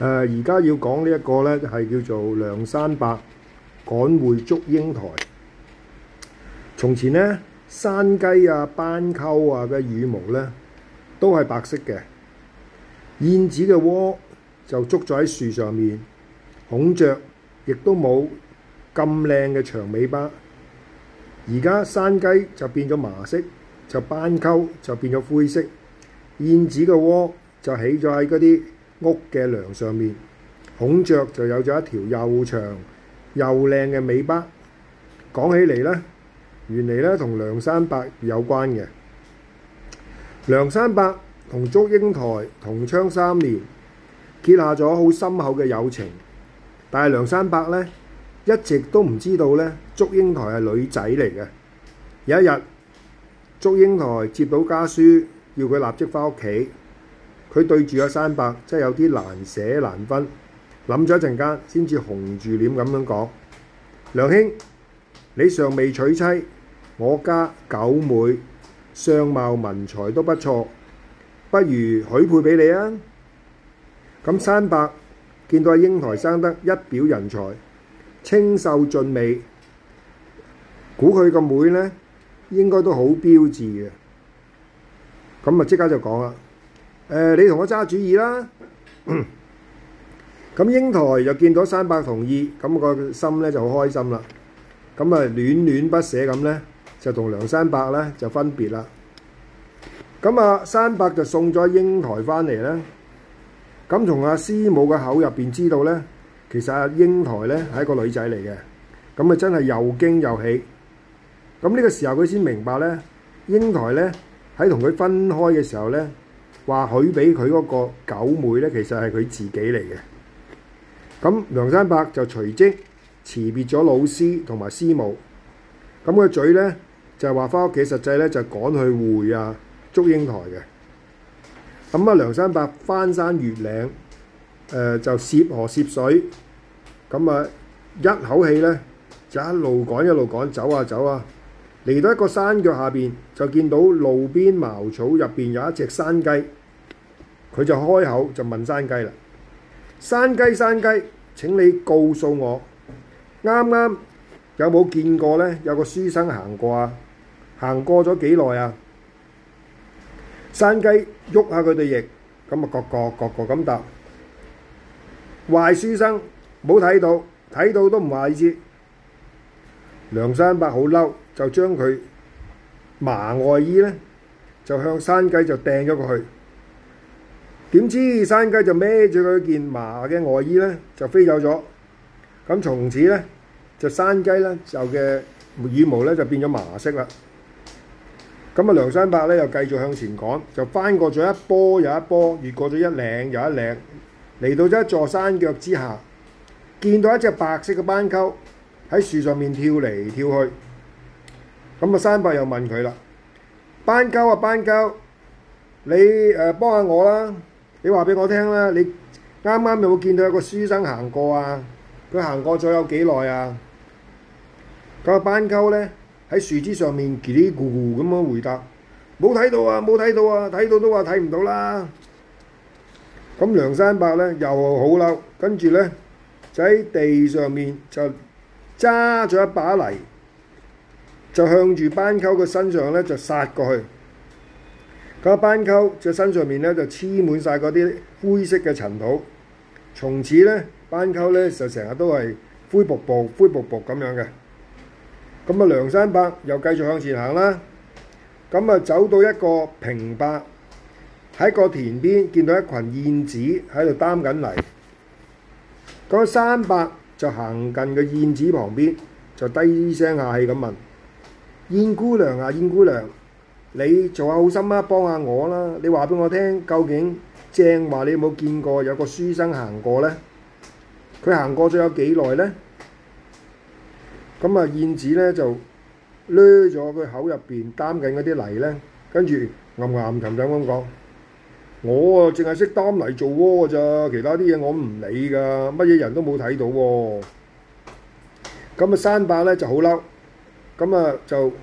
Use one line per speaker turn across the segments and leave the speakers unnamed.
誒而家要講呢一個咧，係叫做《梁山伯趕會祝英台》。從前呢，山雞啊、斑鳩啊嘅羽毛咧，都係白色嘅；燕子嘅窩就捉咗喺樹上面，孔雀亦都冇咁靚嘅長尾巴。而家山雞就變咗麻色，就斑鳩就變咗灰色，燕子嘅窩就起咗喺嗰啲屋嘅梁上面，孔雀就有咗一條又長又靚嘅尾巴。講起嚟呢，原來呢同梁山伯有關嘅。梁山伯同祝英台同窗三年，結下咗好深厚嘅友情。但係梁山伯呢，一直都唔知道呢祝英台係女仔嚟嘅。有一日，祝英台接到家書，要佢立即翻屋企。佢對住阿山伯，真係有啲難捨難分，諗咗一陣間，先至紅住臉咁樣講：梁兄，你尚未娶妻，我家九妹相貌文才都不錯，不如許配俾你啊！咁山伯見到阿英台生得一表人才，清秀俊美，估佢個妹呢應該都好標緻嘅，咁啊即刻就講啦。誒、呃、你同我揸主意啦，咁 英台就見到山伯同意，咁、那個心咧就好開心啦。咁啊，戀戀不捨咁咧，就同梁山伯咧就分別啦。咁啊，山伯就送咗英台返嚟啦。咁從阿、啊、師母嘅口入邊知道咧，其實阿、啊、英台咧係一個女仔嚟嘅。咁啊，真係又驚又喜。咁呢個時候佢先明白咧，英台咧喺同佢分開嘅時候咧。話許俾佢嗰個九妹咧，其實係佢自己嚟嘅。咁梁山伯就隨即辭別咗老師同埋師母，咁個嘴咧就係話翻屋企，實際咧就趕去會啊祝英台嘅。咁啊，梁山伯翻山越嶺，誒就涉河涉水，咁啊一口氣咧就一路趕一路趕，走啊走啊，嚟到一個山腳下邊，就見到路邊茅草入邊有一隻山雞。佢就開口就問山雞啦，山雞山雞，請你告訴我，啱啱有冇見過咧？有個書生行過啊？行過咗幾耐啊？山雞喐下佢哋翼，咁啊，個個個個咁答。壞書生，冇睇到，睇到都唔話意思。梁山伯好嬲，就將佢麻外衣咧，就向山雞就掟咗過去。點知山雞就孭住佢件麻嘅外衣咧，就飛走咗。咁從此咧就山雞咧就嘅羽毛咧就變咗麻色啦。咁啊，梁山伯咧又繼續向前趕，就翻過咗一波又一波，越過咗一嶺又一嶺，嚟到咗一座山腳之下，見到一隻白色嘅斑鳩喺樹上面跳嚟跳去。咁啊，山伯又問佢啦：斑鳩啊，斑鳩，你誒幫、呃、下我啦！你話畀我聽啦，你啱啱有冇見到有個書生行過啊？佢行過咗有幾耐啊？個斑鳩咧喺樹枝上面，嘰哩咕咕咁樣回答：冇睇到啊，冇睇到啊，睇到都話睇唔到啦。咁梁山伯咧又好嬲，跟住咧就喺地上面就揸咗一把泥，就向住斑鳩嘅身上咧就殺過去。個斑鳩隻身上面咧就黐滿晒嗰啲灰色嘅塵土，從此咧斑鳩咧就成日都係灰撲撲、灰撲撲咁樣嘅。咁啊，梁山伯又繼續向前行啦。咁啊，走到一個平伯喺個田邊，見到一群燕子喺度擔緊泥。嗰個山伯就行近個燕子旁邊，就低聲下氣咁問：燕姑娘啊，燕姑娘！你做下好心啦，幫下我啦！你話俾我聽，究竟正話你有冇見過有個書生行過咧？佢行過咗有幾耐咧？咁啊，燕子咧就掠咗佢口入邊擔緊嗰啲泥咧，跟住暗暗沉沉咁講：我啊淨係識擔泥做窩㗎咋，其他啲嘢我唔理㗎，乜嘢人都冇睇到喎。咁啊山伯咧就好嬲，咁啊就～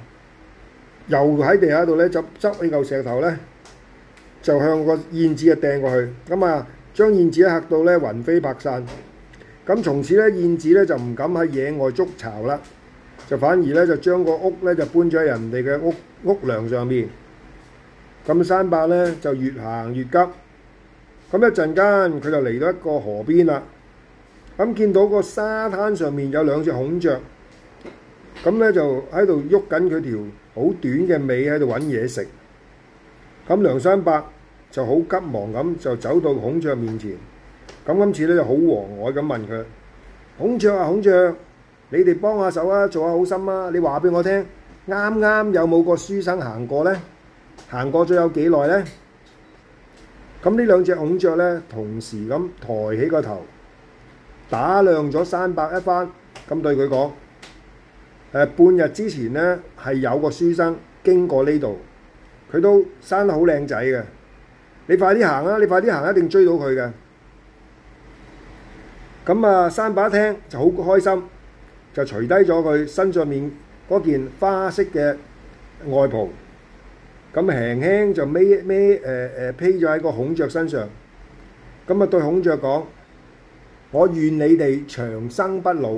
又喺地下度咧執執起嚿石頭咧，就向個燕子啊掟過去。咁啊，將燕子嚇到咧雲飛魄散。咁從此咧，燕子咧就唔敢喺野外築巢啦，就反而咧就將個屋咧就搬咗喺人哋嘅屋屋梁上面。咁山伯咧就越行越急。咁一陣間佢就嚟到一個河邊啦。咁見到個沙灘上面有兩隻孔雀。咁咧就喺度喐緊佢條好短嘅尾喺度揾嘢食，咁梁山伯就好急忙咁就走到孔雀面前，咁今次咧就好和藹咁問佢：孔雀啊，孔雀，你哋幫下手啊，做下好心啊！你話俾我聽，啱啱有冇個書生行過咧？行過咗有幾耐咧？咁呢兩隻孔雀咧，同時咁抬起個頭，打量咗山伯一番，咁對佢講。半日之前呢，係有個書生經過呢度，佢都生得好靚仔嘅。你快啲行啦，你快啲行，一定追到佢嘅。咁啊，山伯一聽就好開心，就除低咗佢身上面嗰件花色嘅外袍，咁輕輕就孭孭誒誒披咗喺個孔雀身上。咁啊，對孔雀講：我願你哋長生不老。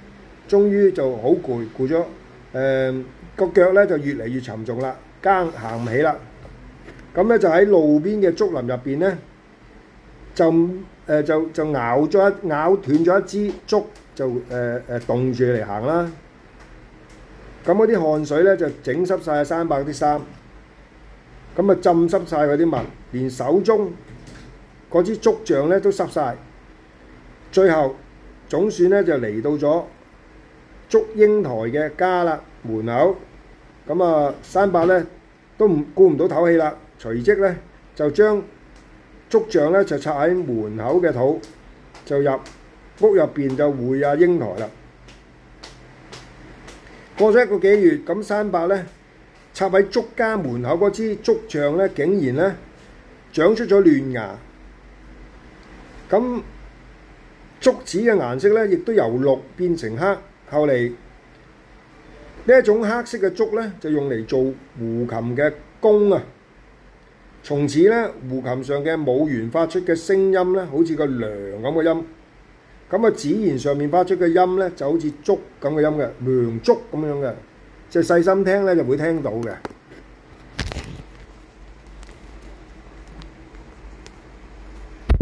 終於就好攰，攰咗誒個腳咧，就越嚟越沉重啦，更行唔起啦。咁咧就喺路邊嘅竹林入邊咧，就誒就就咬咗一咬斷咗一支竹，就誒誒棟住嚟行啦。咁嗰啲汗水咧就整濕曬三百啲衫，咁啊浸濕曬嗰啲襪，連手中嗰支竹杖咧都濕曬。最後總算咧就嚟到咗。祝英台嘅家啦，門口咁啊，山伯咧都唔顧唔到唞氣啦，隨即咧就將竹杖咧就插喺門口嘅土，就入屋入邊就會阿英台啦。過咗一個幾月，咁山伯咧插喺竹家門口嗰支竹杖咧，竟然咧長出咗嫩芽，咁竹子嘅顏色咧亦都由綠變成黑。後嚟呢一種黑色嘅竹咧，就用嚟做胡琴嘅弓啊！從此咧，胡琴上嘅母弦發出嘅聲音咧，好似個梁咁嘅音。咁啊，子弦上面發出嘅音咧，就好似竹咁嘅音嘅，梁竹咁樣嘅，即係細心聽咧，就會聽到嘅。